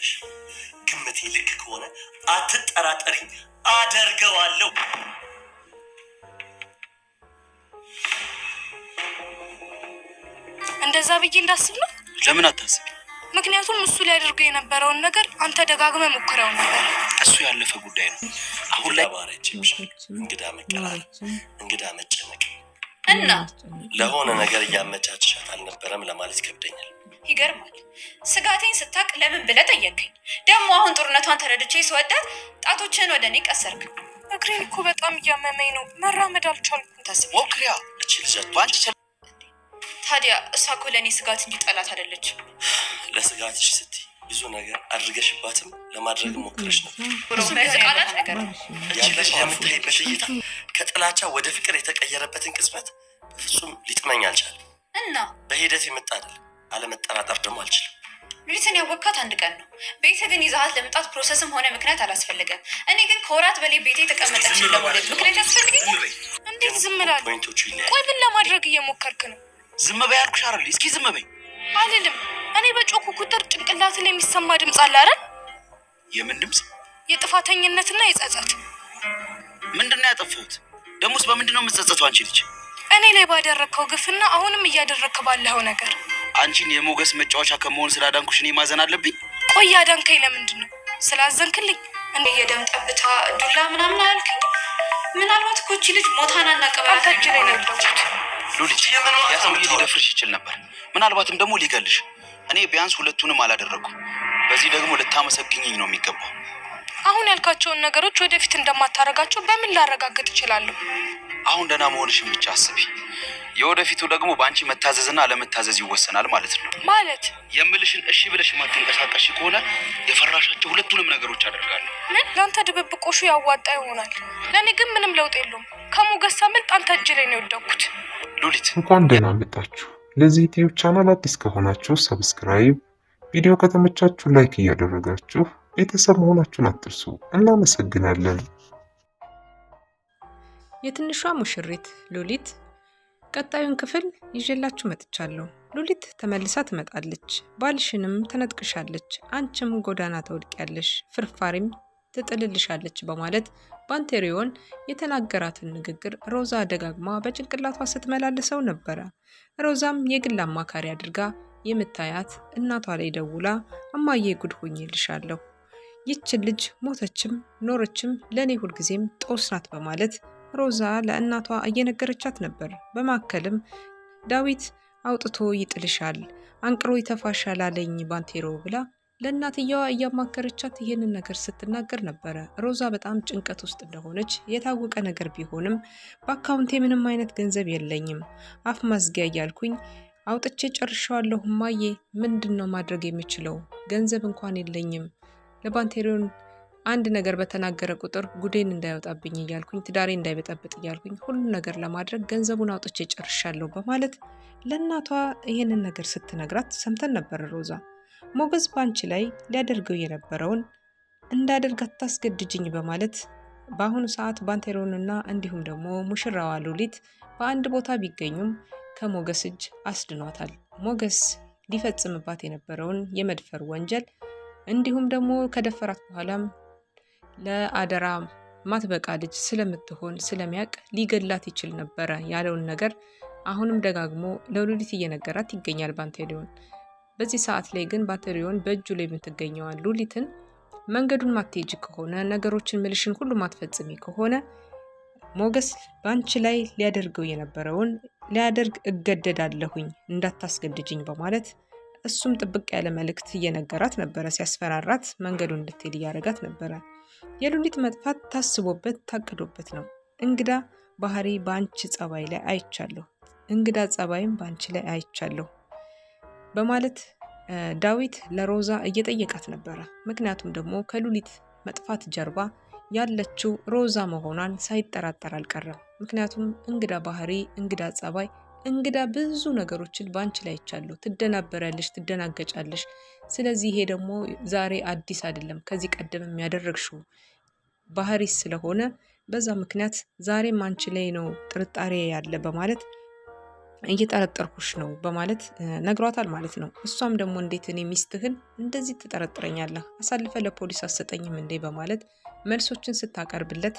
አለብሽ። ግምቴ ልክ ከሆነ አትጠራጠሪ፣ አደርገዋለሁ። እንደዛ ብዬ እንዳስብ ነው። ለምን አታስብ? ምክንያቱም እሱ ሊያደርገው የነበረውን ነገር አንተ ደጋግመ ሞክረው ነበር። እሱ ያለፈ ጉዳይ ነው። አሁን ላይ ባረጅ እንግዳ መቀራረብ፣ እንግዳ መጨመቅ እና ለሆነ ነገር እያመቻቸሻት አልነበረም ለማለት ይከብደኛል። ይገርማል። ስጋቴን ስታቅ ለምን ብለህ ጠየቅኝ? ደግሞ አሁን ጦርነቷን ተረድቼ ስወዳት ጣቶችን ወደ እኔ ቀሰርክ። እግሬን እኮ በጣም እያመመኝ ነው፣ መራመድ አልቻልኩም። ታስብ ሞክሪያ እች ልጅ ታዲያ እሷ እኮ ለእኔ ስጋት እንጂ ጠላት አይደለችም። ለስጋትሽ ስትይ ብዙ ነገር አድርገሽባትም ለማድረግ ሞክረሽ ነበር። ቃላት ነገር ያለሽ የምታይበት እይታ ከጥላቻ ወደ ፍቅር የተቀየረበትን ቅጽበት በፍጹም ሊጥመኝ አልቻለም እና በሂደት የመጣ አለመጠራጠር ደግሞ አልችልም። ሉሊትን ያወቅካት አንድ ቀን ነው። ቤት ግን ይዛሀት ለመምጣት ፕሮሰስም ሆነ ምክንያት አላስፈልገም። እኔ ግን ከወራት በላይ ቤቴ የተቀመጠችን ለመውለድ ምክንያት ያስፈልገኛል። እንዴት ዝም እላለሁ? ቆይ ግን ለማድረግ እየሞከርክ ነው። ዝም በይ አልኩሽ አይደል? እስኪ ዝም በይ አልልም። እኔ በጮኩ ቁጥር ጭንቅላት ላይ የሚሰማ ድምፅ አለ አይደል? የምን ድምፅ? የጥፋተኝነትና የጸጸት ምንድን ነው ያጠፋሁት? ደሞስ በምንድን ነው የምትጸጸቱ? አንቺ ልጅ እኔ ላይ ባደረግከው ግፍና አሁንም እያደረግክ ባለኸው ነገር አንቺን የሞገስ መጫወቻ ከመሆን ስላዳንኩሽ እኔ ማዘን አለብኝ? ቆይ አዳንከኝ ለምንድን ነው? ስላዘንክልኝ እንደ የደም ጠብታ ዱላ ምናምን አያልክኝ? ምናልባት እኮ እቺ ልጅ ሞታና እናቀባታች ላይ ነበሩት ሉሊት ሊደፍርሽ ይችል ነበር፣ ምናልባትም ደግሞ ሊገልሽ። እኔ ቢያንስ ሁለቱንም አላደረግኩም። በዚህ ደግሞ ልታመሰግኝኝ ነው የሚገባው። አሁን ያልካቸውን ነገሮች ወደፊት እንደማታረጋቸው በምን ላረጋግጥ እችላለሁ? አሁን ደህና መሆንሽን ብቻ አስቢ። የወደፊቱ ደግሞ በአንቺ መታዘዝና አለመታዘዝ ይወሰናል ማለት ነው። ማለት የምልሽን እሺ ብለሽ ማትንቀሳቀሽ ከሆነ የፈራሻቸው ሁለቱንም ነገሮች አደርጋለሁ። ምን ለአንተ ድብብቆሹ ያዋጣ ይሆናል፣ ለእኔ ግን ምንም ለውጥ የለውም። ከሞገሳ ሳምንት አንተ እጅ ላይ ነው የወደኩት። ሉሊት እንኳን ደህና መጣችሁ። ለዚህ ዩቲዩብ ቻናል አዲስ ከሆናችሁ ሰብስክራይብ፣ ቪዲዮ ከተመቻችሁ ላይክ እያደረጋችሁ ቤተሰብ መሆናችሁን አትርሱ። እናመሰግናለን። የትንሿ ሙሽሪት ሉሊት ቀጣዩን ክፍል ይዤላችሁ መጥቻለሁ። ሉሊት ተመልሳ ትመጣለች። ባልሽንም ተነጥቅሻለች፣ አንቺም ጎዳና ተወድቂያለሽ፣ ፍርፋሪም ትጥልልሻለች በማለት ባንቴሪዮን የተናገራትን ንግግር ሮዛ ደጋግማ በጭንቅላቷ ስትመላልሰው ነበረ። ሮዛም የግል አማካሪ አድርጋ የምታያት እናቷ ላይ ደውላ እማዬ ጉድ ሆኜልሻለሁ ይችን ልጅ ሞተችም ኖረችም ለእኔ ሁልጊዜም ጦስ ናት በማለት ሮዛ ለእናቷ እየነገረቻት ነበር። በማከልም ዳዊት አውጥቶ ይጥልሻል፣ አንቅሮ ይተፋሻል አለኝ ባንቴሮ ብላ ለእናትየዋ እያማከረቻት ይህንን ነገር ስትናገር ነበረ። ሮዛ በጣም ጭንቀት ውስጥ እንደሆነች የታወቀ ነገር ቢሆንም በአካውንቴ ምንም አይነት ገንዘብ የለኝም፣ አፍ ማዝጊያ እያልኩኝ አውጥቼ ጨርሸዋለሁ። ማዬ ምንድን ነው ማድረግ የምችለው? ገንዘብ እንኳን የለኝም ለባንቴሪዮን አንድ ነገር በተናገረ ቁጥር ጉዴን እንዳይወጣብኝ እያልኩኝ ትዳሬ እንዳይበጠብጥ እያልኩኝ ሁሉ ነገር ለማድረግ ገንዘቡን አውጥቼ ጨርሻለሁ በማለት ለእናቷ ይህንን ነገር ስትነግራት ሰምተን ነበር። ሮዛ ሞገስ ባንቺ ላይ ሊያደርገው የነበረውን እንዳደርግ አታስገድጅኝ በማለት በአሁኑ ሰዓት ባንቴሮንና እንዲሁም ደግሞ ሙሽራዋ ሉሊት በአንድ ቦታ ቢገኙም ከሞገስ እጅ አስድኗታል። ሞገስ ሊፈጽምባት የነበረውን የመድፈር ወንጀል እንዲሁም ደግሞ ከደፈራት በኋላም ለአደራ ማትበቃ ልጅ ስለምትሆን ስለሚያውቅ ሊገላት ይችል ነበረ ያለውን ነገር አሁንም ደጋግሞ ለሉሊት እየነገራት ይገኛል ባንቴሪዮን። በዚህ ሰዓት ላይ ግን ባንቴሊዮን በእጁ ላይ የምትገኘዋን ሉሊትን መንገዱን ማትጅ ከሆነ ነገሮችን ምልሽን ሁሉ ማትፈጽሚ ከሆነ ሞገስ በአንቺ ላይ ሊያደርገው የነበረውን ሊያደርግ እገደዳለሁኝ እንዳታስገድጅኝ በማለት እሱም ጥብቅ ያለ መልእክት እየነገራት ነበረ። ሲያስፈራራት መንገዱ እንድትሄድ እያደረጋት ነበረ። የሉሊት መጥፋት ታስቦበት ታቅዶበት ነው። እንግዳ ባህሪ በአንቺ ጸባይ ላይ አይቻለሁ፣ እንግዳ ጸባይም በአንቺ ላይ አይቻለሁ በማለት ዳዊት ለሮዛ እየጠየቃት ነበረ። ምክንያቱም ደግሞ ከሉሊት መጥፋት ጀርባ ያለችው ሮዛ መሆኗን ሳይጠራጠር አልቀረም። ምክንያቱም እንግዳ ባህሪ፣ እንግዳ ጸባይ እንግዳ ብዙ ነገሮችን በአንቺ ላይ ይቻለሁ። ትደናበራለሽ፣ ትደናገጫለሽ። ስለዚህ ይሄ ደግሞ ዛሬ አዲስ አይደለም፣ ከዚህ ቀደም የሚያደረግሽው ባህሪ ስለሆነ በዛ ምክንያት ዛሬም አንቺ ላይ ነው ጥርጣሬ ያለ በማለት እየጠረጠርኩሽ ነው በማለት ነግሯታል ማለት ነው። እሷም ደግሞ እንዴት እኔ ሚስትህን እንደዚህ ትጠረጥረኛለህ? አሳልፈ ለፖሊስ አሰጠኝም እንዴ? በማለት መልሶችን ስታቀርብለት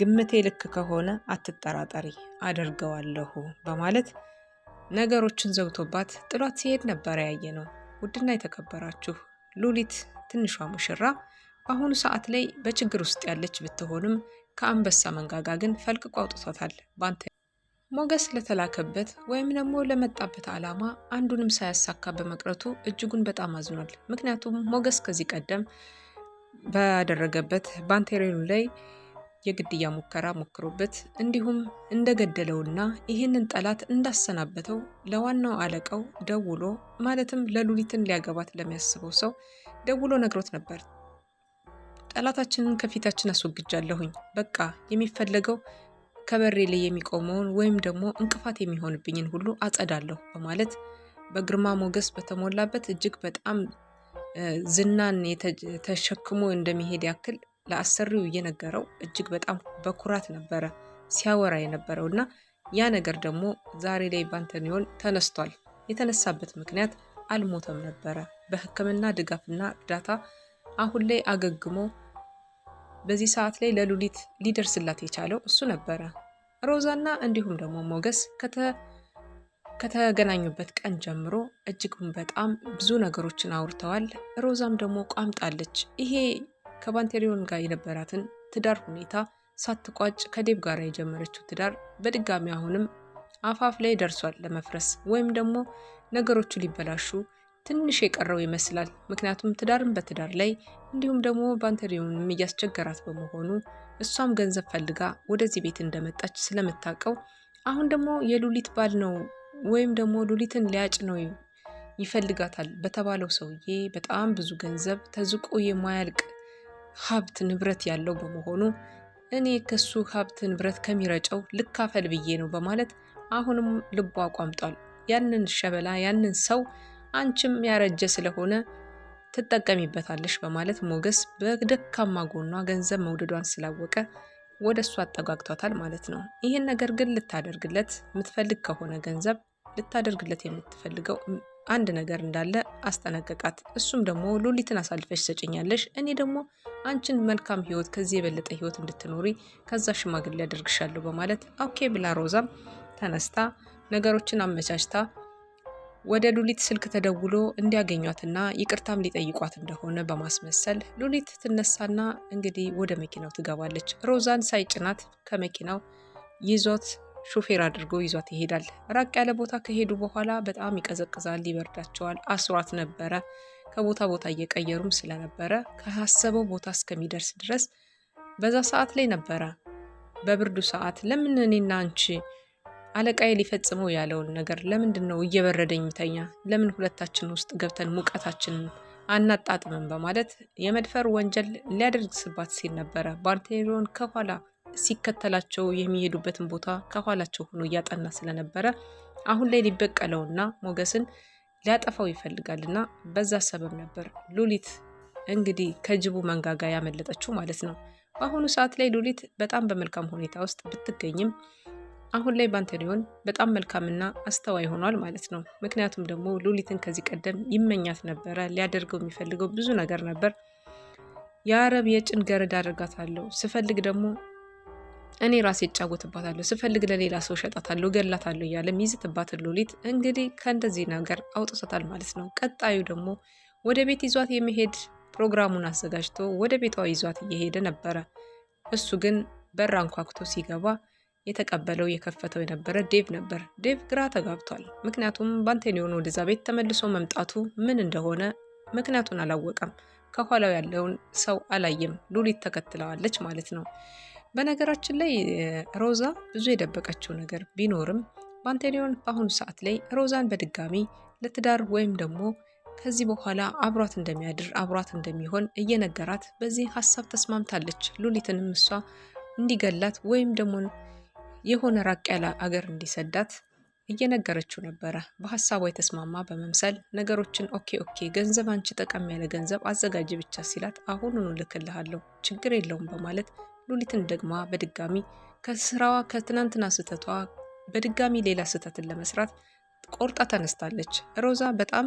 ግምቴ ልክ ከሆነ አትጠራጠሪ አደርገዋለሁ በማለት ነገሮችን ዘውቶባት ጥሏት ሲሄድ ነበር ያየ ነው። ውድና የተከበራችሁ ሉሊት ትንሿ ሙሽራ በአሁኑ ሰዓት ላይ በችግር ውስጥ ያለች ብትሆንም ከአንበሳ መንጋጋ ግን ፈልቅቆ አውጥቷታል። ባንተ ሞገስ ለተላከበት ወይም ደግሞ ለመጣበት ዓላማ አንዱንም ሳያሳካ በመቅረቱ እጅጉን በጣም አዝኗል። ምክንያቱም ሞገስ ከዚህ ቀደም ባደረገበት ባንቴሬሉ ላይ የግድያ ሙከራ ሞክሮበት እንዲሁም እንደገደለውና ይህንን ጠላት እንዳሰናበተው ለዋናው አለቃው ደውሎ ማለትም ለሉሊትን ሊያገባት ለሚያስበው ሰው ደውሎ ነግሮት ነበር። ጠላታችንን ከፊታችን አስወግጃለሁኝ፣ በቃ የሚፈለገው ከበሬ ላይ የሚቆመውን ወይም ደግሞ እንቅፋት የሚሆንብኝን ሁሉ አጸዳለሁ በማለት በግርማ ሞገስ በተሞላበት እጅግ በጣም ዝናን ተሸክሞ እንደሚሄድ ያክል ለአሰሪው እየነገረው እጅግ በጣም በኩራት ነበረ ሲያወራ የነበረው እና ያ ነገር ደግሞ ዛሬ ላይ ባንተኒዮን ተነስቷል። የተነሳበት ምክንያት አልሞተም ነበረ። በሕክምና ድጋፍና እርዳታ አሁን ላይ አገግሞ በዚህ ሰዓት ላይ ለሉሊት ሊደርስላት የቻለው እሱ ነበረ። ሮዛና እንዲሁም ደግሞ ሞገስ ከተገናኙበት ቀን ጀምሮ እጅግ በጣም ብዙ ነገሮችን አውርተዋል። ሮዛም ደግሞ ቋምጣለች። ይሄ ከባንቴሪዮን ጋር የነበራትን ትዳር ሁኔታ ሳትቋጭ ከዴብ ጋር የጀመረችው ትዳር በድጋሚ አሁንም አፋፍ ላይ ደርሷል ለመፍረስ ወይም ደግሞ ነገሮቹ ሊበላሹ ትንሽ የቀረው ይመስላል። ምክንያቱም ትዳርን በትዳር ላይ እንዲሁም ደግሞ ባንቴሪዮንም እያስቸገራት በመሆኑ እሷም ገንዘብ ፈልጋ ወደዚህ ቤት እንደመጣች ስለምታውቀው አሁን ደግሞ የሉሊት ባል ነው ወይም ደግሞ ሉሊትን ሊያጭ ነው ይፈልጋታል በተባለው ሰውዬ በጣም ብዙ ገንዘብ ተዝቆ የማያልቅ ሀብት ንብረት ያለው በመሆኑ እኔ ከሱ ሀብት ንብረት ከሚረጨው ልካፈል ብዬ ነው በማለት አሁንም ልቡ አቋምጧል። ያንን ሸበላ ያንን ሰው አንቺም ያረጀ ስለሆነ ትጠቀሚበታለሽ በማለት ሞገስ በደካማ ጎኗ ገንዘብ መውደዷን ስላወቀ ወደ እሱ አጠጋግቷታል ማለት ነው። ይህን ነገር ግን ልታደርግለት የምትፈልግ ከሆነ ገንዘብ ልታደርግለት የምትፈልገው አንድ ነገር እንዳለ አስጠነቀቃት። እሱም ደግሞ ሉሊትን አሳልፈሽ ሰጭኛለሽ፣ እኔ ደግሞ አንቺን መልካም ህይወት፣ ከዚህ የበለጠ ህይወት እንድትኖሪ ከዛ ሽማግሌ ያደርግሻለሁ በማለት ኦኬ ብላ ሮዛም ተነስታ ነገሮችን አመቻችታ ወደ ሉሊት ስልክ ተደውሎ እንዲያገኟትና ይቅርታም ሊጠይቋት እንደሆነ በማስመሰል ሉሊት ትነሳና እንግዲህ ወደ መኪናው ትገባለች። ሮዛን ሳይጭናት ከመኪናው ይዞት ሹፌር አድርጎ ይዟት ይሄዳል። ራቅ ያለ ቦታ ከሄዱ በኋላ በጣም ይቀዘቅዛል፣ ይበርዳቸዋል። አስሯት ነበረ። ከቦታ ቦታ እየቀየሩም ስለነበረ ከሀሰበው ቦታ እስከሚደርስ ድረስ በዛ ሰዓት ላይ ነበረ። በብርዱ ሰዓት ለምን እኔና አንቺ አለቃዬ ሊፈጽመው ያለውን ነገር ለምንድን ነው እየበረደኝ ምተኛ? ለምን ሁለታችን ውስጥ ገብተን ሙቀታችንን አናጣጥምም? በማለት የመድፈር ወንጀል ሊያደርግስባት ሲል ነበረ ባንቴሮን ከኋላ ሲከተላቸው የሚሄዱበትን ቦታ ከኋላቸው ሆኖ እያጠና ስለነበረ አሁን ላይ ሊበቀለውና ሞገስን ሊያጠፋው ይፈልጋልና በዛ ሰበብ ነበር ሉሊት እንግዲህ ከጅቡ መንጋጋ ያመለጠችው ማለት ነው። በአሁኑ ሰዓት ላይ ሉሊት በጣም በመልካም ሁኔታ ውስጥ ብትገኝም አሁን ላይ ባንተሊዮን በጣም መልካምና አስተዋይ ሆኗል ማለት ነው። ምክንያቱም ደግሞ ሉሊትን ከዚህ ቀደም ይመኛት ነበረ። ሊያደርገው የሚፈልገው ብዙ ነገር ነበር። የአረብ የጭን ገረድ አድርጋታለሁ ስፈልግ ደግሞ እኔ ራሴ እጫወትባታለሁ፣ ስፈልግ ለሌላ ሰው ሸጣታለሁ፣ ገላታለሁ እያለ የሚይዝትባት ሉሊት እንግዲህ ከእንደዚህ ነገር አውጥቶታል ማለት ነው። ቀጣዩ ደግሞ ወደ ቤት ይዟት የመሄድ ፕሮግራሙን አዘጋጅቶ ወደ ቤቷ ይዟት እየሄደ ነበረ። እሱ ግን በር አንኳኩቶ ሲገባ የተቀበለው የከፈተው የነበረ ዴቭ ነበር። ዴቭ ግራ ተጋብቷል። ምክንያቱም ባንቴኒዮን ወደዛ ቤት ተመልሶ መምጣቱ ምን እንደሆነ ምክንያቱን አላወቀም። ከኋላው ያለውን ሰው አላየም። ሉሊት ተከትለዋለች ማለት ነው። በነገራችን ላይ ሮዛ ብዙ የደበቀችው ነገር ቢኖርም ባንቴሊዮን በአሁኑ ሰዓት ላይ ሮዛን በድጋሚ ለትዳር ወይም ደግሞ ከዚህ በኋላ አብሯት እንደሚያድር አብሯት እንደሚሆን እየነገራት በዚህ ሀሳብ ተስማምታለች። ሉሊትንም እሷ እንዲገላት ወይም ደግሞ የሆነ ራቅ ያለ አገር እንዲሰዳት እየነገረችው ነበረ። በሀሳቧ የተስማማ በመምሰል ነገሮችን ኦኬ ኦኬ፣ ገንዘብ አንቺ ጠቀም ያለ ገንዘብ አዘጋጅ ብቻ ሲላት፣ አሁኑኑ ልክልሃለሁ ችግር የለውም በማለት ሉሊትን ደግማ በድጋሚ ከስራዋ ከትናንትና ስህተቷ በድጋሚ ሌላ ስህተትን ለመስራት ቆርጣ ተነስታለች። ሮዛ በጣም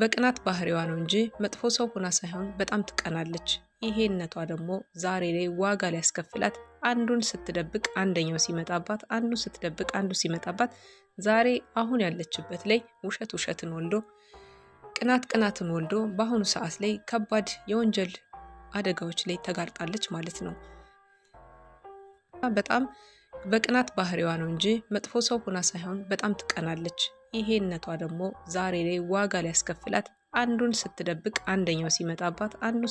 በቅናት ባህሪዋ ነው እንጂ መጥፎ ሰው ሆና ሳይሆን በጣም ትቀናለች። ይሄነቷ ደግሞ ዛሬ ላይ ዋጋ ሊያስከፍላት አንዱን ስትደብቅ አንደኛው ሲመጣባት፣ አንዱን ስትደብቅ አንዱ ሲመጣባት፣ ዛሬ አሁን ያለችበት ላይ ውሸት ውሸትን ወልዶ ቅናት ቅናትን ወልዶ በአሁኑ ሰዓት ላይ ከባድ የወንጀል አደጋዎች ላይ ተጋርጣለች ማለት ነው። በጣም በቅናት ባህሪዋ ነው እንጂ መጥፎ ሰው ሆና ሳይሆን በጣም ትቀናለች። ይሄነቷ ደግሞ ዛሬ ላይ ዋጋ ሊያስከፍላት አንዱን ስትደብቅ አንደኛው ሲመጣባት አንዱ